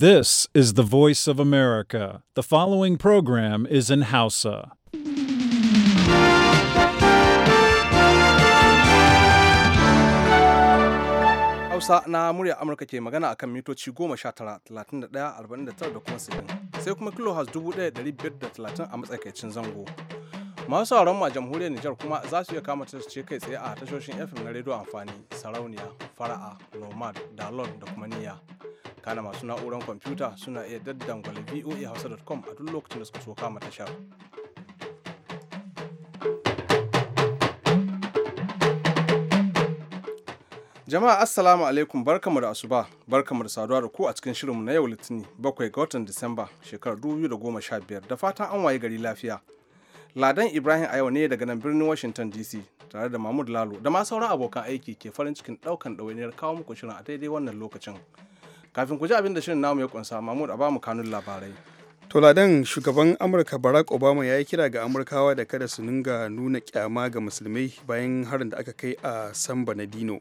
This is the voice of America. The following program is in Hausa. Hausa na murya Amurka ke magana akan mitoci 19, 31, da kuma 60, sai kuma kilohertz 1530 a matsakaicin zango. masu auren mu a jamhuriyar Nijar kuma za su iya kama su ce kai tsaye a tashoshin FM na rediyo amfani sarauniya fara'a nomad dalon da kuma niyya kana masu na'urar kwamfuta suna iya daddangwale voa hausa.com a duk lokacin da suka so kama tashar jama'a assalamu alaikum barkamu da asuba barkamu da saduwa da ku a cikin shirinmu na yau litinin bakwai ga watan disamba shekarar 2015 da fatan an waye gari lafiya Ladan Ibrahim a yau ne daga nan birnin Washington DC tare da Mahmud Lalo da ma sauran abokan aiki ke farin cikin ɗaukan ɗawainiyar kawo muku shirin a daidai wannan lokacin. Kafin ku ji abin da shirin namu ya kunsa Mahmud a bamu kanun labarai. To Ladan shugaban Amurka Barack Obama ya yi kira ga Amurkawa da kada su ninga nuna kyama ga musulmai bayan harin da aka kai a San Bernardino.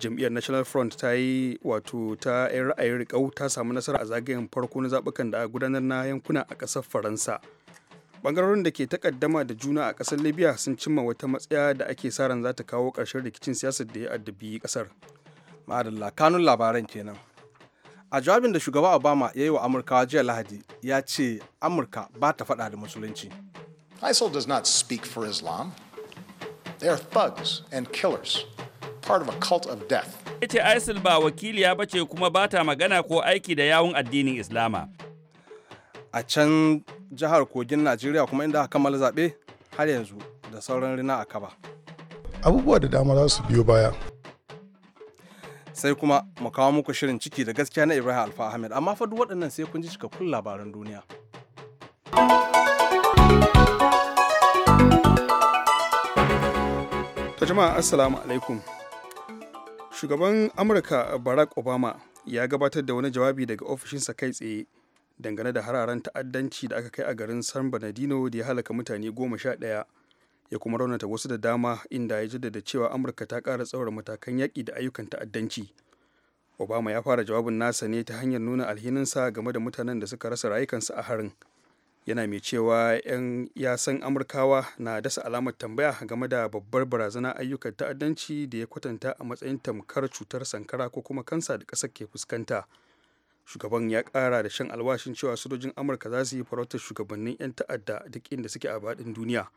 jam'iyyar national front ta yi wato ta ra'ayin rikau ta samu nasara a zagayen farko na zabukan da a gudanar na yankuna a kasar faransa bangarorin da ke takaddama da juna a kasar libya sun cimma wata matsaya da ake sa ran za ta kawo ƙarshen rikicin siyasar da ya addabi kasar ma'adalla kanun labaran kenan a jawabin da shugaba obama ya yi wa amurka jiya lahadi ya ce amurka ba ta faɗa da musulunci isil does not speak for islam they are thugs and killers part of a cult of death ita isil ba wakiliya bace kuma ba ta magana ko aiki da yawun addinin islama a can jihar kogin najeriya kuma inda aka kammala zaɓe har yanzu da sauran rina a kaba abubuwa da dama za su biyo baya sai kuma mu kawo muku shirin ciki da gaskiya na ibrahim alfa ahmed amma fa duk waɗannan sai kun ji cikakkun labaran duniya ta jama'a assalamu alaikum shugaban amurka barack obama ya gabatar da wani jawabi daga ofishinsa kai tsaye dangane da hararen ta'addanci da aka kai a garin san bernardino da ya halaka mutane goma sha ɗaya ya kuma raunata wasu da dama inda ya jaddada cewa amurka ta ƙara tsawar matakan yaƙi da ayyukan ta'addanci obama ya fara jawabin nasa ne ta hanyar nuna alhininsa game da mutanen da suka rasa rayukansu a harin yana mai cewa 'yan yasan amurkawa na dasa alamar tambaya game da babbar barazana ayyukan ta'addanci da ya kwatanta a matsayin tamkar cutar sankara ko kuma kansa da ƙasar ke fuskanta shugaban ya kara da shan alwashin cewa sojojin amurka za su yi farautar shugabannin 'yan ta'adda duk inda suke a baɗin duniya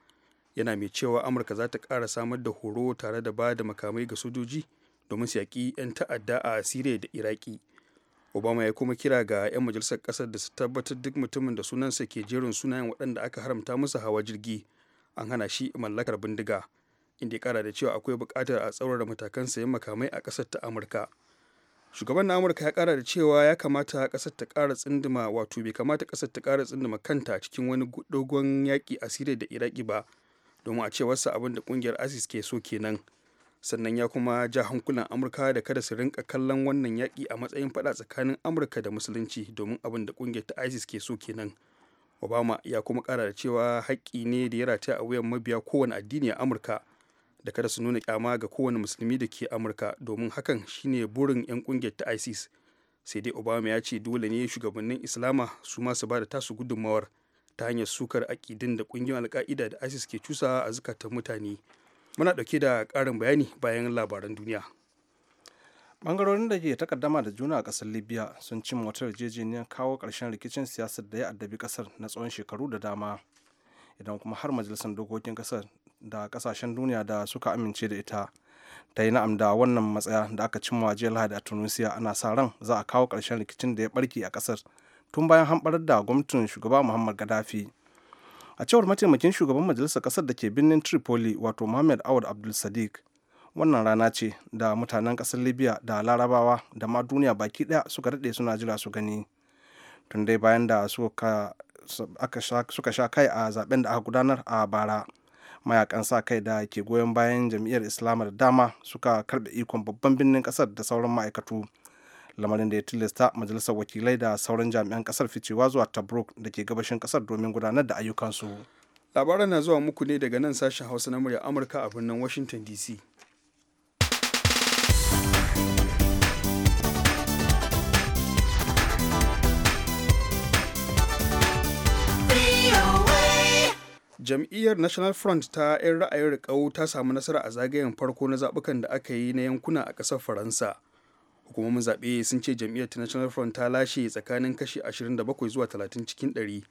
yana mai cewa amurka za ta kara samar da horo tare da ba da makamai ga sojoji domin su yaƙi 'yan ta'adda a siriya da iraki obama ya kuma kira ga 'yan majalisar ƙasar da su tabbatar duk mutumin da sunansa ke jerin sunayen waɗanda aka haramta musu hawa jirgi an hana shi mallakar bindiga inda ya kara da cewa akwai bukatar a tsaurara matakan sayan makamai a ƙasar ta amurka shugaban na amurka ya kara da cewa ya kamata kasar ta kara tsinduma wato bai kamata kasar ta kara tsinduma kanta cikin wani dogon yaƙi a siriya da iraki ba domin a cewarsa abin da kungiyar isis ke so kenan sannan ya kuma ja hankulan amurka da kada su rinka kallon wannan yaƙi a matsayin fada tsakanin amurka da musulunci domin abin da kungiyar ta isis ke so kenan obama ya kuma kara da cewa haƙƙi ne da ya rataya a wuyan mabiya kowane addini a amurka da kada su nuna kyama ga kowane musulmi da ke amurka domin hakan shine burin 'yan kungiyar ta isis sai dai obama ya ce dole ne shugabannin islama su masu ba da tasu gudunmawar ta hanyar sukar akidin da kungiyar alka'ida da isis ke cusa a zukatan mutane muna dauke da karin bayani bayan labaran duniya bangarorin da ke takaddama da juna a kasar libya sun cin wata yarjejeniyar kawo ƙarshen rikicin siyasar da ya addabi kasar na tsawon shekaru da dama idan kuma har majalisar dokokin ƙasar. da kasashen duniya da suka amince da ita ta yi na'am da wannan matsaya da aka cimma jiya lahadi a tunisia ana sa ran za a kawo ƙarshen rikicin da ya barke a ƙasar tun bayan hamɓarar da gwamnatin shugaba muhammad gaddafi a cewar mataimakin shugaban majalisar ƙasar da ke birnin tripoli wato muhammad awad abdul sadiq wannan rana ce da mutanen ƙasar libya da larabawa da ma duniya baki ɗaya suka daɗe suna jira su gani tun dai bayan da suka sha kai a zaben da aka gudanar a bara mayakan sa kai da ke goyon bayan jam'iyyar islamar dama suka karbe ikon babban birnin kasar da sauran ma'aikatu lamarin da ya tilasta majalisar wakilai da sauran jami'an kasar ficewa zuwa tabrok da ke gabashin kasar domin gudanar da ayyukansu labaran na zuwa muku ne daga nan sashen hausa na murya amurka a birnin washington dc jam'iyyar national front ta 'yan ra'ayin rikau ta samu nasara a zagayen farko na zabukan da aka yi na yankuna a ƙasar faransa hukumomin zaɓe sun ce jam'iyyar ta national front ta lashe tsakanin kashi 27 zuwa 30 cikin 100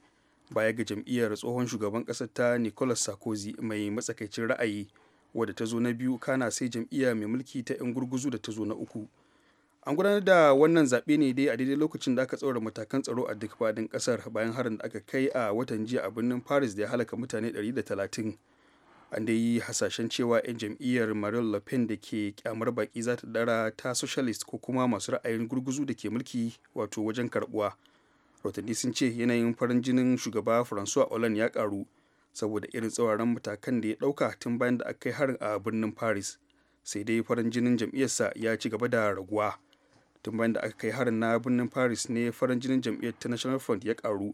baya ga jam'iyyar tsohon shugaban ƙasar ta nicolas sarkozy mai matsakaicin ra'ayi wadda ta zo na biyu kana sai jam'iyyar mai mulki ta 'yan gurguzu da ta zo na uku an gudanar da wannan zaɓe ne dai a daidai lokacin da aka tsaurara matakan tsaro a duk fadin ƙasar bayan harin da aka kai a watan jiya a birnin paris da ya halaka mutane 130 an dai yi hasashen cewa 'yan jam'iyyar marine le pen da ke kyamar baki za ta dara ta socialist ko kuma masu ra'ayin gurguzu da ke mulki wato wajen karbuwa rotundi sun ce yanayin farin jinin shugaba francois hollande ya karu saboda irin tsauraran matakan da ya ɗauka tun bayan da aka kai harin a birnin paris sai dai farin jinin jam'iyyarsa ya ci gaba da raguwa tun bayan da aka kai harin na birnin paris ne farin jinin jam'iyyar ta national front ya karu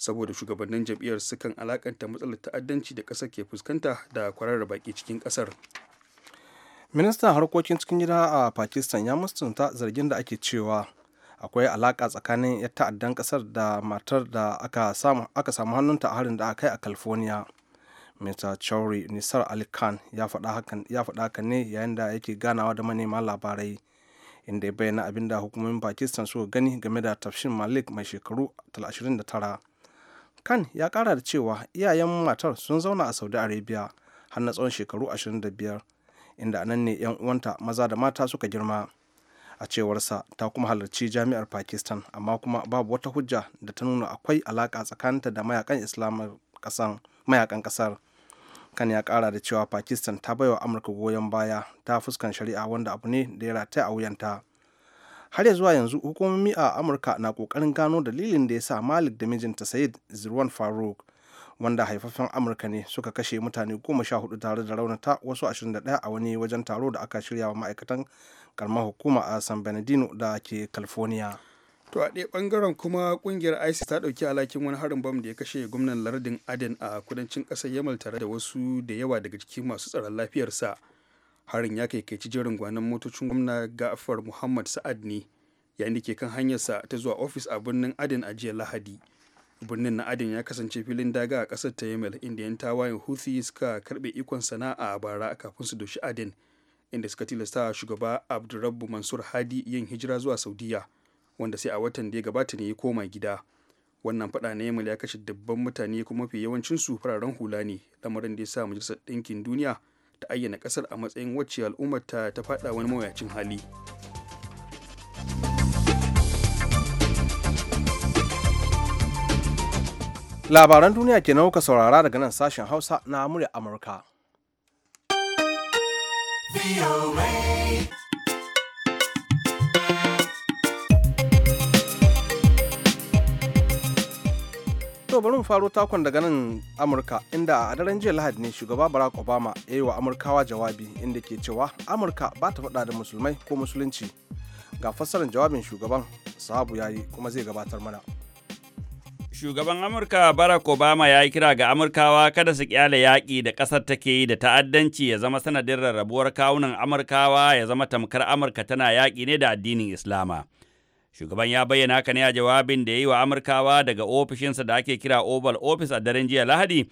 saboda shugabannin jam'iyyar sukan alakanta matsalar ta'addanci da kasar ke fuskanta da kwararar baki cikin ƙasar ministan harkokin cikin gida a pakistan ya mustunta zargin da ake cewa akwai alaka tsakanin ya ta'addan kasar da matar da aka samu, aka samu hannunta a harin da aka kai a california mr chowri nisar ali khan ya faɗa hakan ne yayin da yake ganawa da manema labarai inda ya bayyana abin da hukumomin pakistan suka gani game da tafshin malik mai shekaru 29 kan ya kara da cewa iyayen matar sun zauna a saudi arabia har na tsawon shekaru 25 inda nan ne 'yan uwanta maza da mata suka girma a cewarsa ta kuma halarci jami'ar pakistan amma kuma babu wata hujja da ta nuna akwai alaka tsakaninta da mayakan islamar mayakan kasar kan ya kara da cewa pakistan ta baiwa amurka goyon baya ta fuskan shari'a wanda abu ne da ya rataya a wuyanta har ya zuwa yanzu hukumomi a amurka na kokarin gano dalilin da ya sa malik da mijinta sayid zirwan faruk wanda haifafen amurka ne suka kashe mutane goma sha hudu tare da raunata wasu ashirin da daya a wani wajen taro da aka shirya wa ma'aikatan karamar hukuma a san benedino da ke california to a ɗaya ɓangaren kuma ƙungiyar isis ta ɗauki alhakin wani harin bam da ya kashe gwamnan lardin aden a kudancin ƙasar yamal tare da wasu da yawa daga cikin masu tsaron lafiyarsa harin ya kai kai jerin gwanon motocin gwamna gafar muhammad sa'ad ne yayin da ke kan hanyarsa ta zuwa ofis a birnin aden a jiya lahadi birnin na aden ya kasance filin daga a ƙasar ta yamal inda yan tawayen houthi suka karɓe ikon sana'a a bara kafin su doshi aden inda suka tilasta shugaba abdurrabbu mansur hadi yin hijira zuwa saudiya wanda sai a watan da ya gabata ne ya koma gida wannan fada na yamal ya kashe dubban mutane kuma mafi yawancin su fararen hula ne lamarin da ya sa majalisar ɗinkin duniya ta ayyana ƙasar a matsayin wacce al'ummar ta ta fada wani mawuyacin hali labaran duniya ke nauka saurara daga nan sashen hausa na murya amurka VOA. to bari mu faro takon daga nan amurka inda a daren jiya lahadi ne shugaba barack obama ya yi wa amurkawa jawabi inda ke cewa amurka ba ta faɗa da musulmai ko musulunci ga fassarar jawabin shugaban sabu ya yi kuma zai gabatar mana Shugaban Amurka Barack Obama ya yi kira ga Amurkawa kada su kyale yaƙi da ƙasar take yi da ta'addanci ya zama sanadin rarrabuwar kawunan Amurkawa ya zama tamkar Amurka tana yaƙi ne da addinin Islama. Shugaban ya bayyana haka ne a jawabin da ya yi wa Amurkawa daga ofishinsa da ake kira Oval Office a daren jiya Lahadi,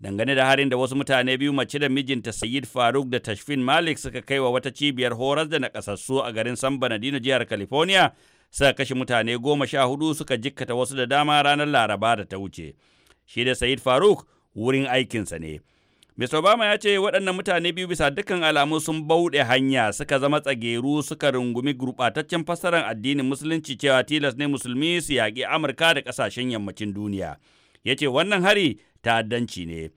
dangane da harin da wasu mutane biyu mace da mijinta Sayyid Faruk da Tashfin Malik suka kai wa wata cibiyar horas da nakasassu a garin San Bernardino jihar California, suka kashe mutane goma sha hudu suka jikkata wasu da dama ranar Laraba da ta wuce. Shi da Sayyid Faruk wurin aikinsa ne. Mr. Obama ya ce waɗannan mutane biyu bisa dukkan alamu sun bauɗe hanya suka zama tsageru suka rungumi gurɓataccen fassarar addinin musulunci cewa tilas ne musulmi su yaƙi Amurka da ƙasashen yammacin duniya. Ya ce wannan hari ta'addanci ne.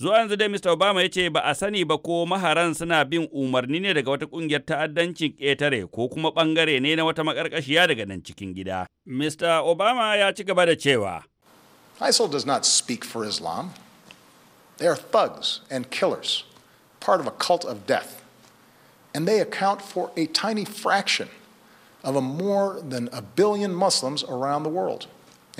Zuwa yanzu dai Mr. Obama ya ce ba a sani ba ko maharan suna bin umarni ne daga wata ƙungiyar ta'addancin ƙetare ko kuma ɓangare ne na wata maƙarƙashiya daga nan cikin gida. Mr. Obama ya ci gaba da cewa. ISIL does not speak for Islam. They are thugs and killers, part of a cult of death. And they account for a tiny fraction of a more than a billion Muslims around the world.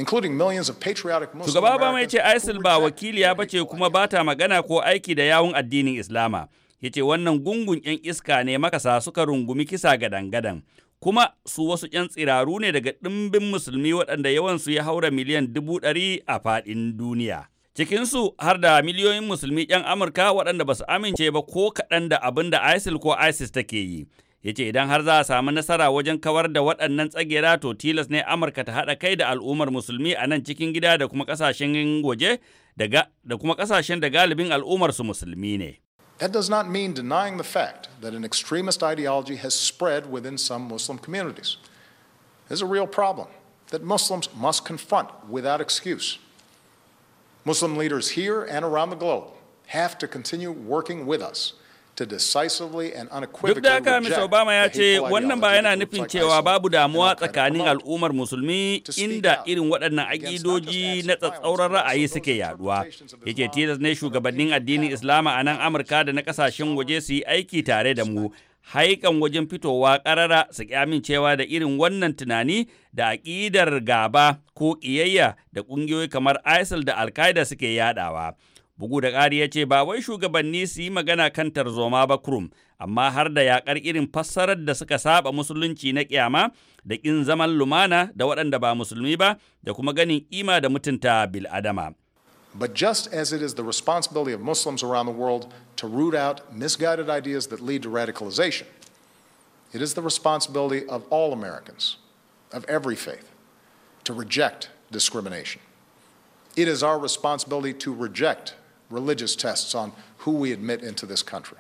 including millions of patriotic Muslim Shugaba ba mai ce ISIL ba wakiliya ba ce kuma ba ta magana ko aiki da yawun addinin Islama. Ya ce wannan gungun 'yan iska ne makasa suka rungumi kisa gadan-gadan. Kuma su wasu 'yan tsiraru ne daga ɗimbin musulmi waɗanda yawansu ya haura miliyan dubu ɗari a faɗin duniya. cikinsu har da miliyoyin musulmi 'yan Amurka waɗanda ba su amince ba ko kaɗan da abin da ISIL ko ISIS take yi. Ya ce idan har za a samu nasara wajen kawar da waɗannan tsagera to tilas ne Amurka ta haɗa kai da al'ummar musulmi a nan cikin gida da kuma ƙasashen waje da kuma ƙasashen da galibin al'ummar su musulmi ne. That does not mean denying the fact that an extremist ideology has spread within some Muslim communities. There's a real problem that Muslims must confront without excuse. Muslim leaders here and around the globe have to continue working with us Duk da haka Mr. Obama ya ce wannan ba yana nufin cewa babu damuwa tsakanin al'ummar musulmi inda irin waɗannan aƙidoji na tsatsauran ra'ayi suke yaduwa. Ya ce ne shugabannin addinin Islama a nan Amurka da na ƙasashen waje su yi aiki tare da mu haikan wajen fitowa ƙarara su amincewa da irin wannan tunani da aƙidar gaba ko ƙiyayya da ƙungiyoyi kamar ISIL da Al-Qaeda suke yaɗawa Bugu da ƙari ya ce ba wai shugabanni su yi magana kan tarzoma ba kurum, amma har da yaƙar irin fassarar da suka saba musulunci na ƙyama da ƙin zaman lumana da waɗanda ba musulmi ba da kuma ganin ima da mutunta bil'adama. But just as it is the responsibility of Muslims around the world to root out misguided ideas that lead to radicalization, it is the responsibility of all Americans, of every faith, to reject discrimination. It is our responsibility to reject religious tests on who we admit into this country.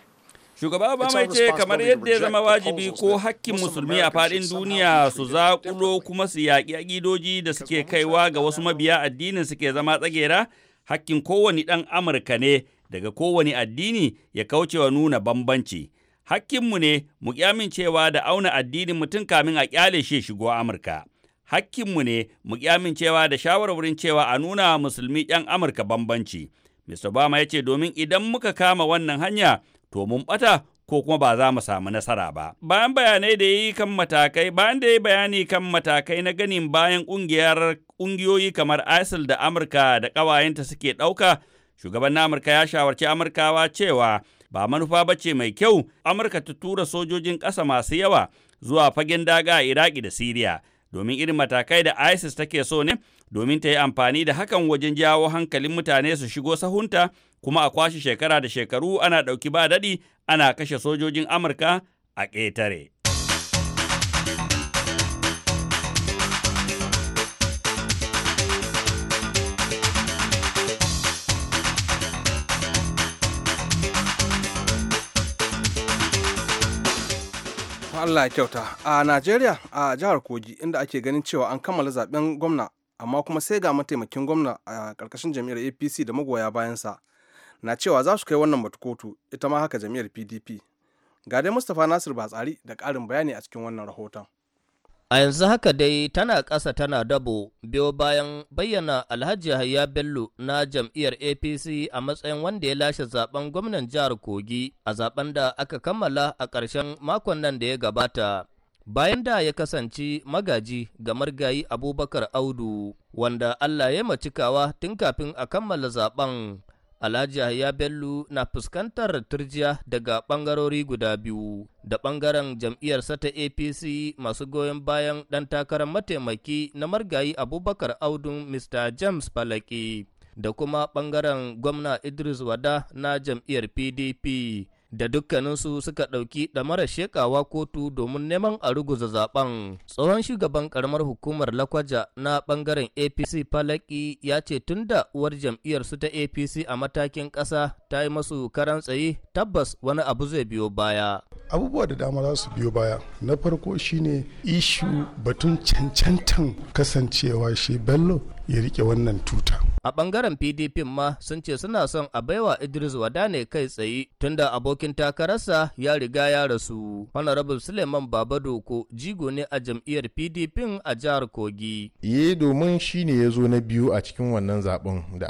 shugaba obama ya ce kamar yadda ya zama wajibi ko hakkin musulmi a faɗin duniya su zaƙulo kuma su yaƙi aƙidoji da suke kaiwa ga wasu mabiya addinin suke zama tsagera hakkin kowane ɗan Amurka ne daga kowane addini ya kaucewa nuna bambanci. Hakkinmu ne mu amincewa da auna addinin mutum kamin a ƙyale shi shigo Amurka. Hakkinmu ne mu amincewa da shawarwarin cewa a nuna musulmi 'yan Amurka bambanci. Mr. Obama ya ce domin idan muka kama wannan hanya to mun ɓata ko kuma ba za mu samu nasara ba. Bayan bayanai da yi kan matakai, bayan da yi bayani kan matakai na ganin bayan ƙungiyar ƙungiyoyi kamar ISIL da Amurka da ƙawayenta suke ɗauka, shugaban na Amurka ya shawarci Amurkawa cewa ba manufa ba ce mai kyau Amurka ta tura sojojin ƙasa masu yawa zuwa fagen daga a Iraki da Siriya domin irin matakai da ISIS take so ne domin ta yi amfani da hakan wajen jawo hankalin mutane su shigo sahunta kuma a kwashe shekara da shekaru ana ɗauki ba daɗi ana kashe sojojin Amurka a ƙetare. Allah ya kyauta a Najeriya a jihar Kogi inda ake ganin cewa an kammala zaben gwamna amma kuma sai ga mataimakin gwamna a ƙarƙashin jam'iyyar apc da magoya bayansa na cewa za su kai wannan batu kotu ita ma haka jam'iyyar pdp ga dai mustapha nasir batsari da ƙarin bayani a cikin wannan rahoton a yanzu haka dai tana ƙasa tana dabo biyo bayan bayyana alhaji yahaya bello na jam'iyyar apc a matsayin wanda ya lashe zaben gwamnan jihar kogi a zaben da aka kammala a ƙarshen makon nan da ya gabata bayan da ya kasance magaji ga margayi abubakar audu wanda allah ya macikawa tun kafin a kammala zaben alhaji ya bello na fuskantar turjiya daga bangarori guda biyu da bangaren jam'iyyarsa ta apc masu goyon bayan ɗan takarar mataimaki na margayi abubakar audu mr james falaki da kuma bangaren gwamna idris wada na jam'iyyar pdp da dukkaninsu suka ɗauki da mara shekawa kotu domin neman a ruguza zaben. Tsohon shugaban karamar hukumar Lakwaja na ɓangaren APC Falaki ya ce tun da uwar jam'iyyarsu ta APC a matakin ƙasa ta yi masu karan tsaye tabbas wani abu zai biyo baya. Abubuwa da dama za su biyo baya. Na farko shine ishu batun cancantan kasancewa shi Bello ya rike wannan tuta. A ɓangaren PDP ma sun ce suna son a baiwa Idris Wada ne kai tsaye tunda abokin takararsa ya riga ya rasu. Honorable Suleiman Babadoko jigo ne a jam'iyyar PDP a jihar Kogi. Ye domin shi ne ya zo na biyu a cikin wannan zaben da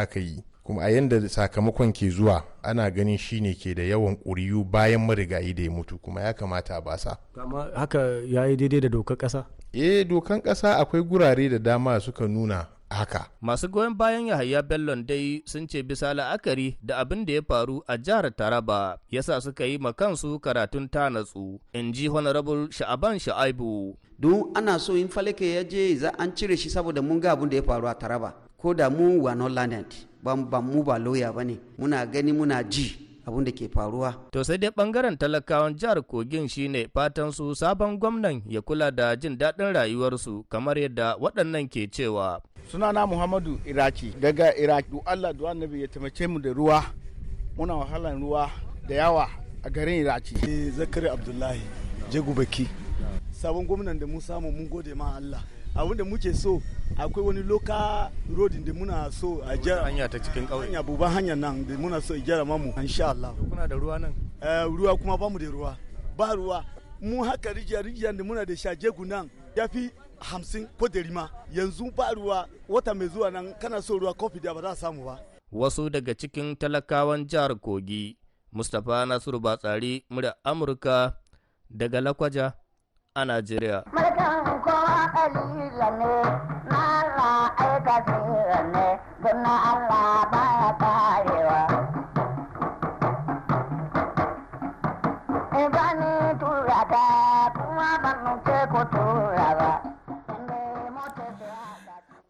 aka yi. kuma a yadda sakamakon ke zuwa ana ganin shi ne ke da yawan ƙuriyu bayan marigayi da ya mutu kuma ya kamata a basa. kama haka ya yi daidai da dokar ƙasa? eh dokan ƙasa akwai gurare da dama suka nuna haka. Masu goyon bayan Yahaya Bellon dai sun ce bisa la'akari da abin da ya faru a jihar Taraba yasa suka yi ma kansu karatun tanatsu in ji Honorable Sha'aban Sha'aibu. Don ana so in falake ya je za an cire shi saboda mun ga abin da ya faru a Taraba. Ko da mu wa Northland ban ba mu ba lauya ba ne muna gani muna ji. abin da ke faruwa. To sai dai bangaren talakawan jihar Kogin shine fatan su sabon gwamnan ya kula da jin daɗin rayuwarsu kamar yadda waɗannan ke cewa. suna na muhammadu iraki daga iraki du allah du annabi ya taimake mu da ruwa muna wahalar ruwa da yawa a garin iraki zakari abdullahi jagubaki sabon gwamnan da mun samu mun gode ma allah abin da muke so akwai wani loka rodin da muna so a jera hanya ta cikin kauye hanya buban hanya nan da muna so a jara mamu insha Allah kuna da ruwa nan eh, ruwa kuma ba mu da ruwa ba ruwa mu haka rijiya rijiya da muna da shaje nan fi hamsin ko dari ma yanzu ba ruwa wata mai zuwa nan kana so ruwa kofi da ba za a samu ba. Wasu daga cikin talakawan jihar Kogi, Mustapha Nasiru Batsari, murya Amurka daga Lakwaja a Najeriya. ne, baya Ibani tura ta, kuma ban ko tura ba.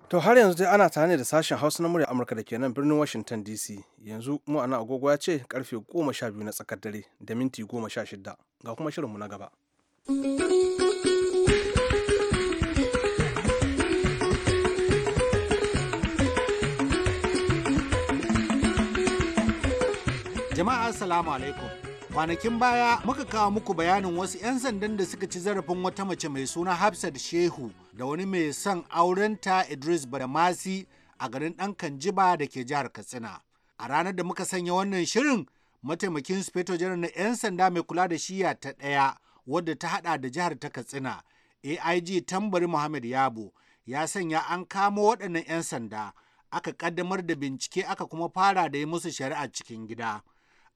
To har yanzu dai ana tare da sashen Hausa na murya Amurka da ke nan birnin Washington DC. Yanzu mu ana agogo ya ce karfe goma sha biyu na tsakar dare da minti goma sha 16. Ga kuma shirinmu na gaba. Jama'a Assalamu alaikum. kwanakin baya muka kawo muku bayanin wasu 'yan sandan da suka ci zarafin wata mace mai suna hafsat shehu da wani mai son aurenta idris badamasi a garin ɗan kanjiba da ke jihar katsina a ranar da muka sanya wannan shirin mataimakin speto janar na 'yan sanda mai kula da shiya ta ɗaya wadda ta hada da jihar ta katsina aig tambari muhammad yabo ya sanya an kamo waɗannan 'yan sanda aka ƙaddamar da bincike aka kuma fara da yi musu shari'a cikin gida.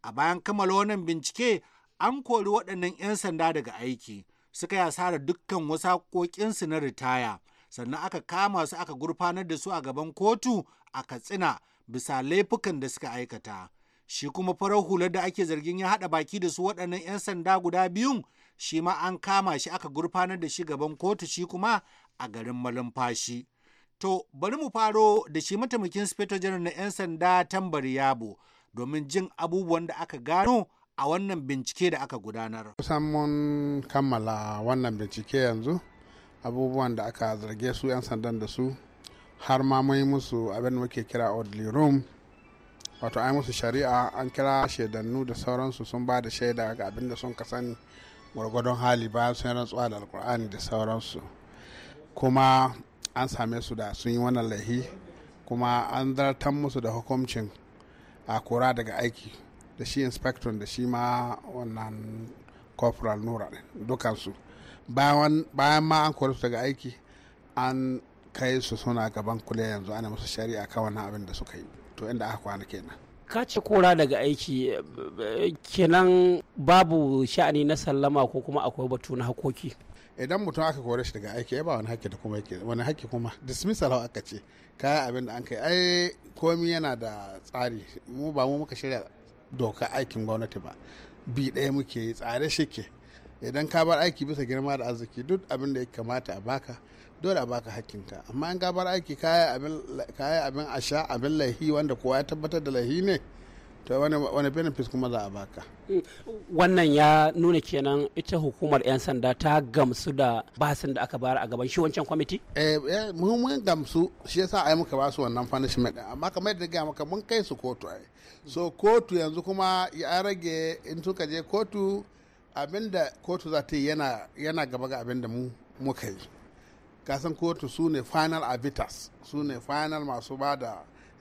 A bayan kammala wannan bincike, an kori waɗannan 'yan sanda daga aiki, suka yi asara dukkan wasu haƙoƙinsu na ritaya, sannan aka kama su aka gurfanar da su a gaban kotu a Katsina bisa laifukan da suka aikata. Shi kuma farar hular da ake zargin ya haɗa baki da su waɗannan 'yan sanda guda biyu, shi ma an kama shi aka gurfanar da shi gaban kotu shi kuma a garin malumfashi. To, bari mu faro da shi mataimakin Sufeto na 'yan sanda tambari yabo domin jin abubuwan da aka gano a wannan bincike da aka gudanar. Kusan mun kammala wannan bincike yanzu abubuwan da aka zarge su 'yan sandan da su har ma mun musu abin muke kira Audley Room wato ai musu shari'a an kira shaidannu da sauransu sun ba da shaida ga abin da sun kasan gwargwadon hali bayan sun rantsuwa da alkur'ani da sauransu kuma an same su da sun yi wannan laihi kuma an zartan musu da hukuncin a kora daga aiki da shi inspector da shi ma wannan corporal nura dukansu bayan ma an kore su daga aiki an kai su suna gaban kule yanzu ana musu shari'a kan wannan abin da suka yi to inda aka kwana kenan ka ce kora daga aiki eh, eh, kenan babu sha'ani na sallama ko kuma akwai batu na hakoki idan mutum aka kore shi daga aiki ya ba wani haƙƙi da kuma yake wani haƙƙi kuma dismissal aka ce kaya abin da an kai ai komi yana da tsari mu ba mu muka shirya doka aikin gwamnati ba bi ɗaya muke yi tsare shi ke idan ka bar aiki bisa girma da arziki duk abin da ya kamata a baka dole a baka hakkinka amma in ka bar aiki kaya abin a sha abin laihi wanda kowa ya tabbatar da laifi ne to wani benefits kuma za a baka wannan ya nuna kenan ita hukumar 'yan sanda ta gamsu da basin da aka bayar a gaban shi wancan kwamiti eh, eh muhimmin gamsu shi yasa ai muka basu wannan punishment amma kamar yadda ga maka mun kai su kotu ai so kotu yanzu kuma ya rage in tuka je kotu abinda kotu za ta yi yana yana gaba ga abinda mu muka yi kasan kotu su ne final arbiters su ne final masu ba da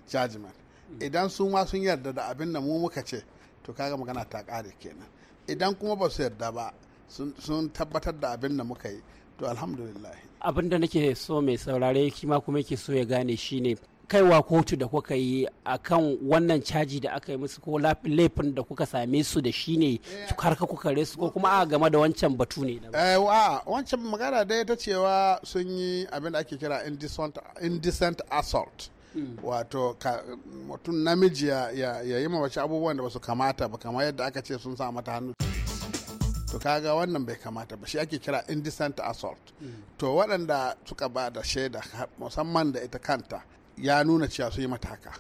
judgment idan su ma sun yarda da abin da mu muka ce to kaga magana ta ƙare kenan idan kuma ba su yarda ba sun tabbatar da abin da muka yi to alhamdulillah abin da nake so mai saurare ma kuma yake so ya gane shine kaiwa kotu da kuka yi akan wannan caji da aka yi musu ko laifin da kuka same su da shi ne eh. har ka kuka resu ko kuma a game da wancan batu ne a eh, wancan magana dai ta cewa sun yi abin da ake kira indecent assault Mm. wato mutum namiji ya yi mawace abubuwan da ba su kamata ba kamar yadda aka ce sun sa mata hannu to kaga wannan bai kamata ba shi ake kira indecent assault mm. to waɗanda suka ba da shaida musamman da ita kanta ya nuna cewa sun yi mata haka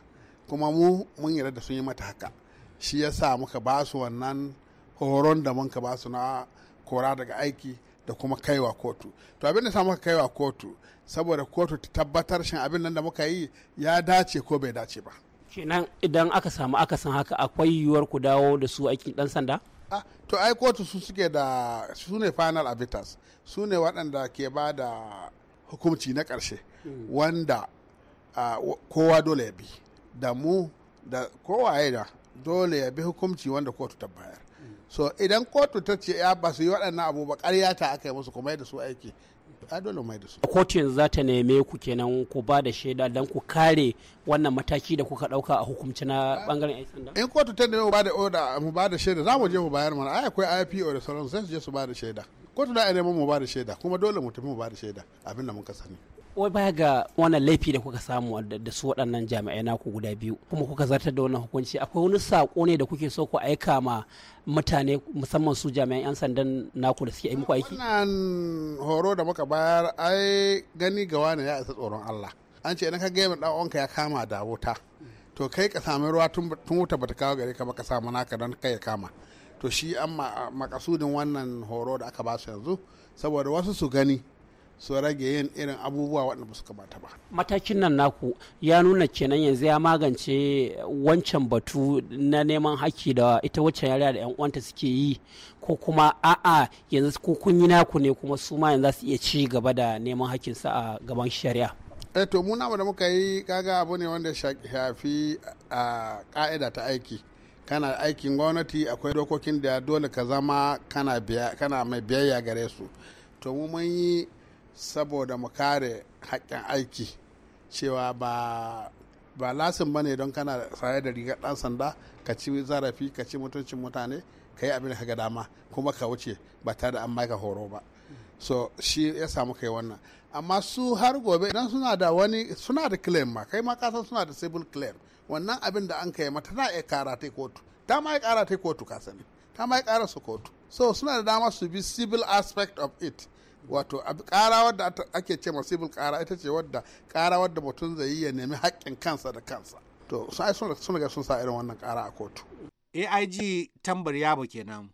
kuma mu mun yarda da sun yi mata haka shi ya sa muka ba su wannan horon da muka ba su na kora daga aiki da kuma kaiwa kotu to abin da sa muka kaiwa kotu saboda kotu ta tabbatar shin abin nan da muka yi ya dace ko bai dace ba kenan idan aka samu san haka akwai yiwuwar ku dawo da su aikin dan sanda to ai kotu su suke da su ne final arbiters su ne waɗanda ke ba da hukumci na ƙarshe hmm. wanda kowa dole ya bi da mu da kowa da dole ya bi hukumci wanda kotu ta bayar hmm. so idan kotu ta ce ya ba su yi waɗannan abu ba ta aka yi musu kuma yadda su aiki a Kotu yanzu za ta neme ku kenan ku ba da shaida don ku kare wannan mataki da kuka dauka a hukumci na bangaren yan sanda. In kotu ta neme ba da oda mu ba da shaida za mu je mu bayar mana ai akwai IPO da sauran sai su je su ba da shaida. Kotu da neman mu ba da shaida kuma dole mu tafi mu ba da shaida abin da muka sani. wai baya ga wannan laifi da kuka samu da su waɗannan jami'ai naku guda biyu kuma kuka zartar da wannan hukunci akwai wani saƙo ne da kuke so ku aika ma mutane musamman su jami'an 'yan sandan naku da suke muku aiki wannan horo da muka bayar ai gani ga wani ya isa tsoron Allah an ce idan ka gaya dan uwanka ya kama da wuta to kai ka sami ruwa tun wuta bata kawo gare ka ba ka samu naka don kai ya kama to shi an makasudin wannan horo da aka ba su yanzu saboda wasu su gani su rage yin irin abubuwa waɗanda ba su kamata ba matakin nan naku ya nuna kenan yanzu ya magance wancan batu na neman haƙƙi da ita wacce yariya da yan uwanta suke yi ko kuma a'a yanzu ko kun yi naku ne kuma su ma yanzu su iya ci gaba da neman sa a gaban shari'a eh to mu da muka yi kaga abu ne wanda shafi a ka'ida ta aiki kana aikin gwamnati akwai dokokin da dole ka zama kana mai biyayya gare su to mu mun yi saboda mu kare haƙƙin aiki cewa ba ba lasin ba ne don kana saye da rigar ɗan sanda ka ci zarafi ka ci mutuncin mutane ka yi abin da dama kuma ka wuce ba tare da an maka horo ba so shi ya samu kai wannan amma su har gobe idan suna da wani suna da claim ma kai ma kasan suna da civil claim wannan abin da an kai mata na iya kara ta kotu ta ma kara ta kotu ka sani ta ma kara su kotu so suna da dama su bi civil aspect of it wato kara wadda ake ce masibul kara ita ce wadda kara wadda mutum zai yi ya nemi haƙƙin kansa da kansa to sun ga sun sa irin wannan kara a kotu aig tambar yabo kenan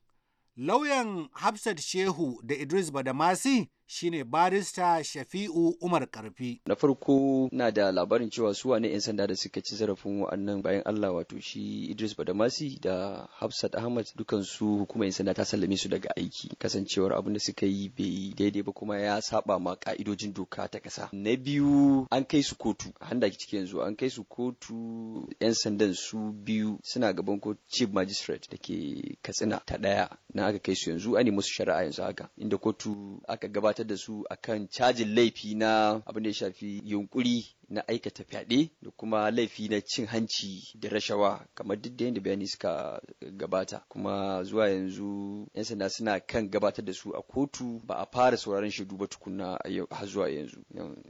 lauyan hafsat shehu da idris badamasi shine barista Shafi'u Umar Karfi. Na farko na da labarin cewa su wane 'yan sanda da suka ci zarafin wa'annan bayan Allah wato shi Idris Badamasi da Hafsat Ahmad dukan su hukumar 'yan sanda ta sallame su daga aiki kasancewar abin da suka yi bai daidai ba kuma ya saba ma ka'idojin doka ta kasa. Na biyu an kai su kotu handa ciki yanzu an kai su kotu 'yan sandan su biyu suna gaban ko chief magistrate da ke Katsina ta ɗaya na aka kai su yanzu an yi musu shari'a yanzu haka inda kotu aka gabata gabatar da su akan cajin laifi na abin da ya shafi yunkuri na aikata fyaɗe da kuma laifi na cin hanci da rashawa kamar duk da yadda bayani suka gabata kuma zuwa yanzu 'yan sanda suna kan gabatar da su a kotu ba a fara sauraron shaidu ba tukuna har zuwa yanzu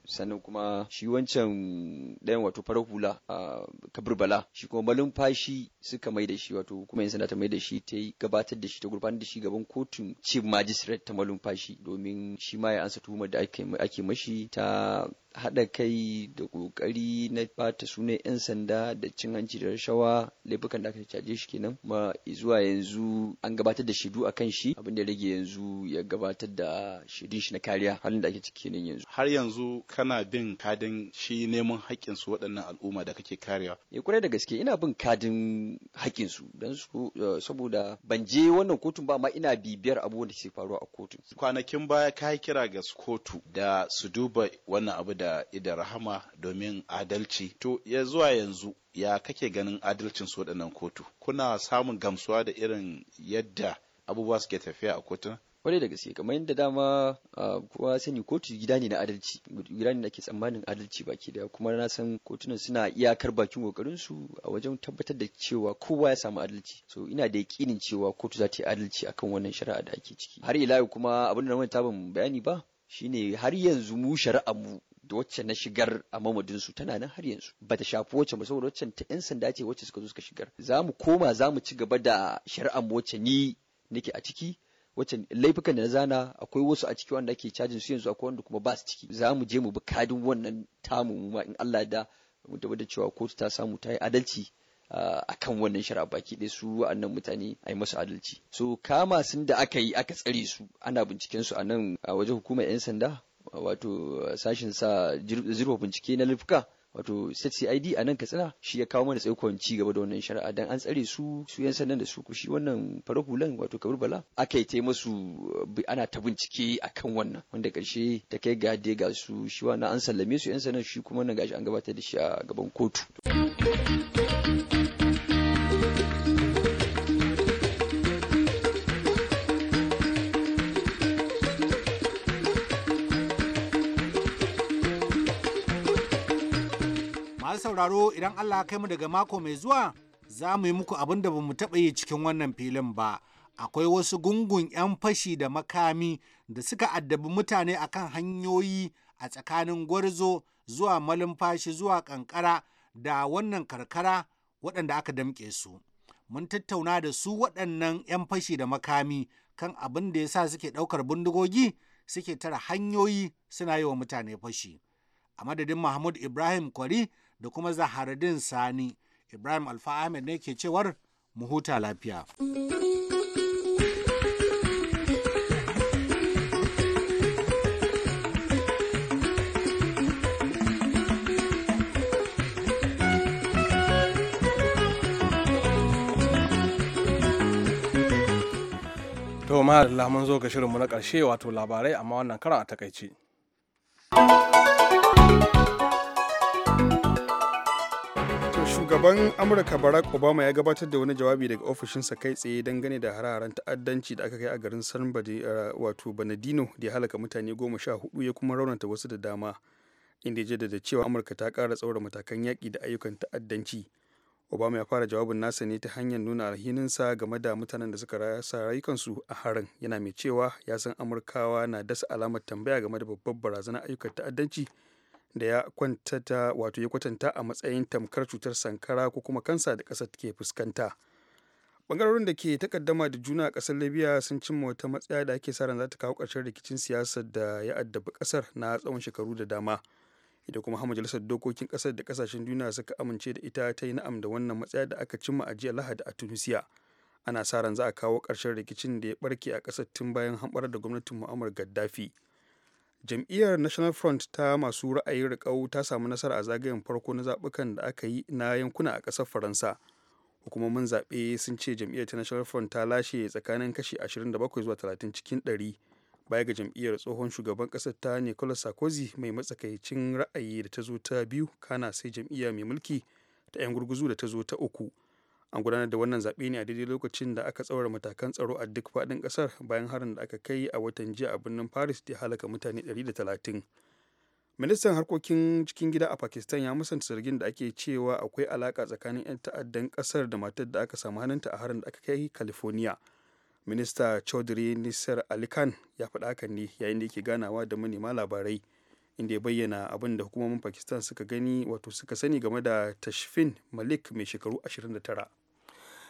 sannan kuma shi wancan ɗayan wato farar hula a kabirbala shi kuma Fashi suka mai da shi wato kuma 'yan sanda ta mai da shi ta gabatar da shi ta gurfanar da shi gaban kotun chief magistrate ta Fashi. domin shi ma ya ansa tuhumar da ake mashi ta haɗa kai da ƙoƙari na bata sunan 'yan sanda da cin hanci da rashawa laifukan da aka caje shi kenan ma zuwa yanzu an gabatar da shaidu a kan shi abin ya rage yanzu ya gabatar da shaidun shi na kariya halin da ake ciki kenan yanzu har yanzu kana bin kadin shi neman haƙƙin su waɗannan al'umma da kake kariya. ya eh, kwarai da gaske ina bin kadin haƙƙin su don su eh, saboda ban je wannan kotun ba ma ina bibiyar abubuwan da ke faruwa a kotun kwanakin baya ka kira ga kotu da su duba wannan abu da da ida rahama domin adalci to ya zuwa yanzu ya kake ganin adalcin su waɗannan kotu kuna samun gamsuwa da irin yadda abubuwa suke tafiya a kotuna kwarai da gaske kamar yadda dama kowa sani kotu gida ne na adalci gida ne da ke tsammanin adalci baki da kuma na san kotunan suna iyakar bakin kokarin su a wajen tabbatar da cewa kowa ya samu adalci so ina da yakinin cewa kotu za ta yi adalci akan wannan shari'a da ake ciki har ila kuma abin da na wani taban bayani ba shine har yanzu mu shari'a mu da wacce na shigar a mamadin su tana nan har yanzu bata shafi wacce ba saboda wacce ta yan sanda ce wacce suka zo suka shigar za mu koma za mu ci gaba da shari'ar mu wacce ni nake a ciki wacce laifukan da na zana akwai wasu a ciki wanda ake cajin su yanzu akwai wanda kuma ba su ciki za mu je mu bi kadin wannan tamu mu ma in Allah da mu tabbata cewa kotu ta samu ta yi adalci a ah, kan wannan shari'a baki ɗaya su wa'annan mutane a yi masu adalci so kama sun da aka yi aka tsare su ana binciken su a nan a wajen hukumar 'yan sanda wato sashin sa zirwa bincike na lifka wato set cid a nan katsina shi ya kawo mana tsaikon ci gaba da wannan shari'a dan an tsare su su yan sannan da su shi wannan farahulan wato kabir bala aka yi ta masu ana ta bincike akan wannan wanda karshe ta kai ga ga su shi wannan an sallame su yan sannan shi kuma nan gashi an gabatar da shi a gaban kotu sauraro idan Allah kai mu daga mako mai zuwa za mu yi muku abin da ba mu taɓa yi cikin wannan filin ba. Akwai wasu gungun 'yan fashi da makami da suka addabi mutane akan hanyoyi a tsakanin gwarzo zuwa malumfashi zuwa kankara da wannan karkara waɗanda aka damƙe su. Mun tattauna da su waɗannan 'yan fashi da makami kan abin da ya sa suke ɗaukar bindigogi suke tara hanyoyi suna yi wa mutane fashi. a madadin mahmud ibrahim kwari da kuma zaharuddin sani ibrahim alfa ahmed ne ke cewar mu huta lafiya To ma mun zo ga shirinmu na ƙarshe wato labarai amma wannan karan a takaici shugaban amurka barack obama ya gabatar da wani jawabi daga ofishinsa kai tsaye dangane da hararen ta'addanci da aka kai a garin san eh, wato banadino da ya halaka mutane goma sha hudu ya kuma raunata wasu da dama inda ya jaddada cewa amurka ta kara tsaura matakan yaki da ayyukan ta'addanci obama ya fara jawabin nasa ne ta hanyar nuna alhininsa game da mutanen da suka rasa rayukansu a harin yana mai cewa ya san amurkawa na dasa alamar tambaya game da babbar barazanar ayyukan ta'addanci da ya kwantata wato ya kwatanta a matsayin tamkar cutar sankara ko kuma kansa da kasar ke fuskanta bangarorin da ke takaddama da juna a ƙasar libya sun cimma wata matsaya da ake sa ran za ta kawo ƙarshen rikicin siyasar da ya addabi ƙasar na tsawon shekaru da dama ita kuma majalisar dokokin ƙasar da ƙasashen duniya suka amince da ita ta yi na'am da wannan matsaya da aka cimma a jiya lahadi a tunisia ana sa ran za a kawo ƙarshen rikicin da ya barke a ƙasar tun bayan hamɓar da gwamnatin mu'amar gaddafi jam'iyyar national front ta masu ra'ayin riƙau ta samu nasara a zagayen farko na zaɓukan da aka yi na yankuna a ƙasar faransa hukumomin zaɓe sun ce jam'iyyar ta national front ta lashe tsakanin kashi 27 zuwa 30 cikin 100 baya ga jam'iyyar tsohon shugaban ƙasar ta nicolas sarkozy mai matsakaicin ra'ayi da ta zo ta biyu kana sai jam'iyya mai mulki ta 'yan gurguzu da ta zo ta uku an gudanar da wannan zaɓe ne a daidai lokacin da aka tsaurara matakan tsaro a duk faɗin ƙasar bayan harin da aka kai a watan jiya a birnin paris da halaka mutane 130 ministan harkokin cikin gida a pakistan ya musanta zargin da ake cewa akwai alaka tsakanin 'yan ta'addan ƙasar da matar da aka samu hannunta a harin da aka kai california minista chaudhry nisar ali khan ya faɗa hakan ne yayin da yake ganawa da manema labarai inda ya bayyana abin da hukumomin pakistan suka gani wato suka sani game da tashfin malik mai shekaru 29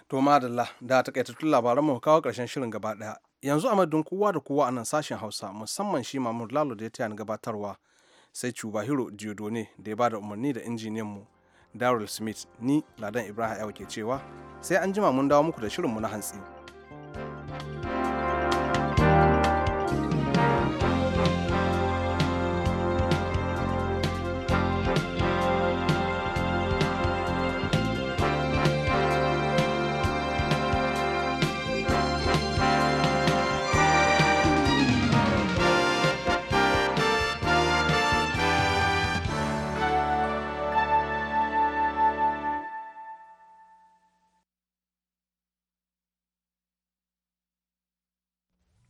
To madalla da takaitattun labaran mu kawo karshen shirin gaba daya. Yanzu a kowa da kowa a nan sashen Hausa musamman shi Mahmud Lalo da ya taya gabatarwa sai cuba Hiro Diodone da ya bada umarni da injiniyan mu Daryl Smith ni Ladan Ibrahim ayawa ke cewa sai an jima mun dawo muku da shirin mu na hantsi.